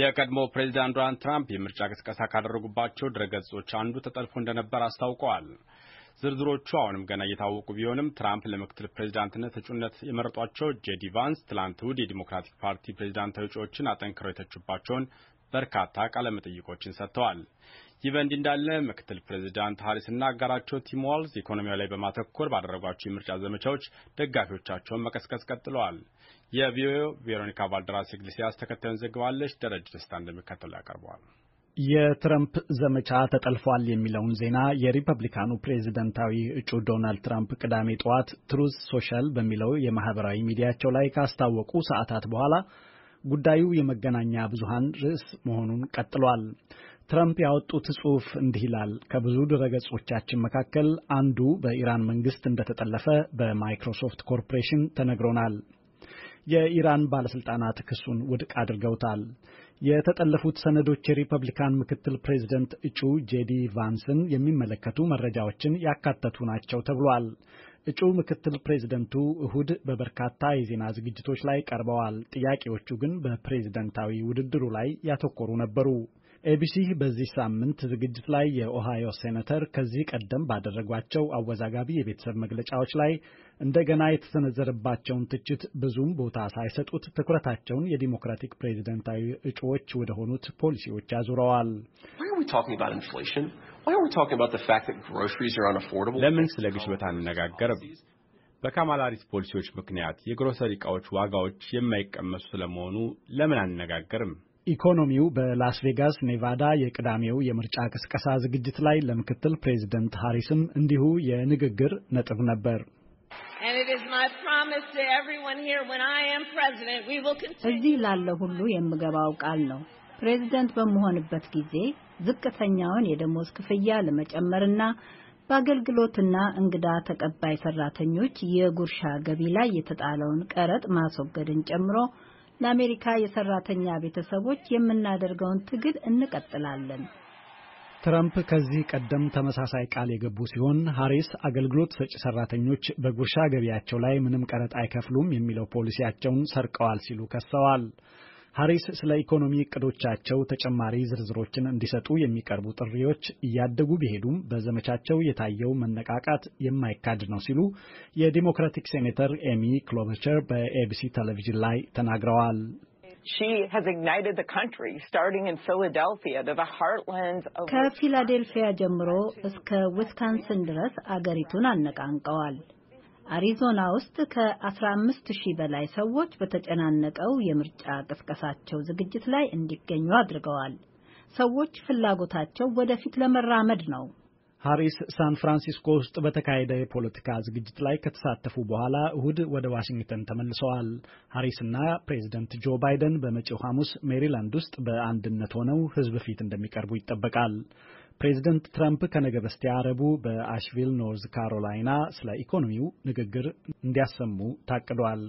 የቀድሞ ፕሬዚዳንት ዶናልድ ትራምፕ የምርጫ ቅስቀሳ ካደረጉባቸው ድረገጾች አንዱ ተጠልፎ እንደነበር አስታውቀዋል። ዝርዝሮቹ አሁንም ገና እየታወቁ ቢሆንም ትራምፕ ለምክትል ፕሬዚዳንትነት እጩነት የመረጧቸው ጄዲ ቫንስ ትላንት እሁድ የዲሞክራቲክ ፓርቲ ፕሬዚዳንታዊ እጩዎችን አጠንክረው የተቹባቸውን በርካታ ቃለመጠይቆችን ሰጥተዋል። ይህ በእንዲህ እንዳለ ምክትል ፕሬዚዳንት ሀሪስና አጋራቸው ቲም ዋልዝ ኢኮኖሚያ ላይ በማተኮር ባደረጓቸው የምርጫ ዘመቻዎች ደጋፊዎቻቸውን መቀስቀስ ቀጥለዋል። የቪኦኤ ቬሮኒካ ቫልደራስ ኢግሊሲያስ ተከታዩን ዘግባለች። ደረጀ ደስታ እንደሚከተሉ ያቀርበዋል። የትረምፕ ዘመቻ ተጠልፏል የሚለውን ዜና የሪፐብሊካኑ ፕሬዝደንታዊ እጩ ዶናልድ ትራምፕ ቅዳሜ ጠዋት ትሩዝ ሶሻል በሚለው የማህበራዊ ሚዲያቸው ላይ ካስታወቁ ሰዓታት በኋላ ጉዳዩ የመገናኛ ብዙሃን ርዕስ መሆኑን ቀጥሏል። ትረምፕ ያወጡት ጽሑፍ እንዲህ ይላል። ከብዙ ድረገጾቻችን መካከል አንዱ በኢራን መንግስት እንደተጠለፈ በማይክሮሶፍት ኮርፖሬሽን ተነግሮናል። የኢራን ባለሥልጣናት ክሱን ውድቅ አድርገውታል። የተጠለፉት ሰነዶች የሪፐብሊካን ምክትል ፕሬዚደንት እጩ ጄዲ ቫንስን የሚመለከቱ መረጃዎችን ያካተቱ ናቸው ተብሏል። እጩ ምክትል ፕሬዚደንቱ እሁድ በበርካታ የዜና ዝግጅቶች ላይ ቀርበዋል። ጥያቄዎቹ ግን በፕሬዝደንታዊ ውድድሩ ላይ ያተኮሩ ነበሩ። ኤቢሲ በዚህ ሳምንት ዝግጅት ላይ የኦሃዮ ሴኔተር ከዚህ ቀደም ባደረጓቸው አወዛጋቢ የቤተሰብ መግለጫዎች ላይ እንደገና የተሰነዘረባቸውን ትችት ብዙም ቦታ ሳይሰጡት ትኩረታቸውን የዲሞክራቲክ ፕሬዚደንታዊ እጩዎች ወደሆኑት ፖሊሲዎች አዙረዋል። ለምን ስለ ግሽበት አንነጋገርም? በካማላ ሃሪስ ፖሊሲዎች ምክንያት የግሮሰሪ ዕቃዎች ዋጋዎች የማይቀመሱ ስለመሆኑ ለምን አንነጋገርም? ኢኮኖሚው በላስ ቬጋስ ኔቫዳ የቅዳሜው የምርጫ ቅስቀሳ ዝግጅት ላይ ለምክትል ፕሬዚደንት ሃሪስም እንዲሁ የንግግር ነጥብ ነበር። እዚህ ላለው ሁሉ የምገባው ቃል ነው። ፕሬዚደንት በመሆንበት ጊዜ ዝቅተኛውን የደሞዝ ክፍያ ለመጨመርና በአገልግሎትና እንግዳ ተቀባይ ሰራተኞች የጉርሻ ገቢ ላይ የተጣለውን ቀረጥ ማስወገድን ጨምሮ ለአሜሪካ የሰራተኛ ቤተሰቦች የምናደርገውን ትግል እንቀጥላለን። ትራምፕ ከዚህ ቀደም ተመሳሳይ ቃል የገቡ ሲሆን ሀሪስ አገልግሎት ሰጪ ሰራተኞች በጉርሻ ገቢያቸው ላይ ምንም ቀረጥ አይከፍሉም የሚለው ፖሊሲያቸውን ሰርቀዋል ሲሉ ከሰዋል። ሐሪስ ስለ ኢኮኖሚ እቅዶቻቸው ተጨማሪ ዝርዝሮችን እንዲሰጡ የሚቀርቡ ጥሪዎች እያደጉ ቢሄዱም በዘመቻቸው የታየው መነቃቃት የማይካድ ነው ሲሉ የዲሞክራቲክ ሴኔተር ኤሚ ክሎበቸር በኤቢሲ ቴሌቪዥን ላይ ተናግረዋል። ከፊላዴልፊያ ጀምሮ እስከ ዊስካንስን ድረስ አገሪቱን አነቃንቀዋል። አሪዞና ውስጥ ከ15000 በላይ ሰዎች በተጨናነቀው የምርጫ ቅስቀሳቸው ዝግጅት ላይ እንዲገኙ አድርገዋል። ሰዎች ፍላጎታቸው ወደፊት ለመራመድ ነው። ሃሪስ ሳን ፍራንሲስኮ ውስጥ በተካሄደ የፖለቲካ ዝግጅት ላይ ከተሳተፉ በኋላ እሁድ ወደ ዋሽንግተን ተመልሰዋል። ሃሪስና ፕሬዚደንት ጆ ባይደን በመጪው ሐሙስ ሜሪላንድ ውስጥ በአንድነት ሆነው ሕዝብ ፊት እንደሚቀርቡ ይጠበቃል። ፕሬዚደንት ትራምፕ ከነገ በስቲያ አረቡ በአሽቪል ኖርዝ ካሮላይና ስለ ኢኮኖሚው ንግግር እንዲያሰሙ ታቅዷል።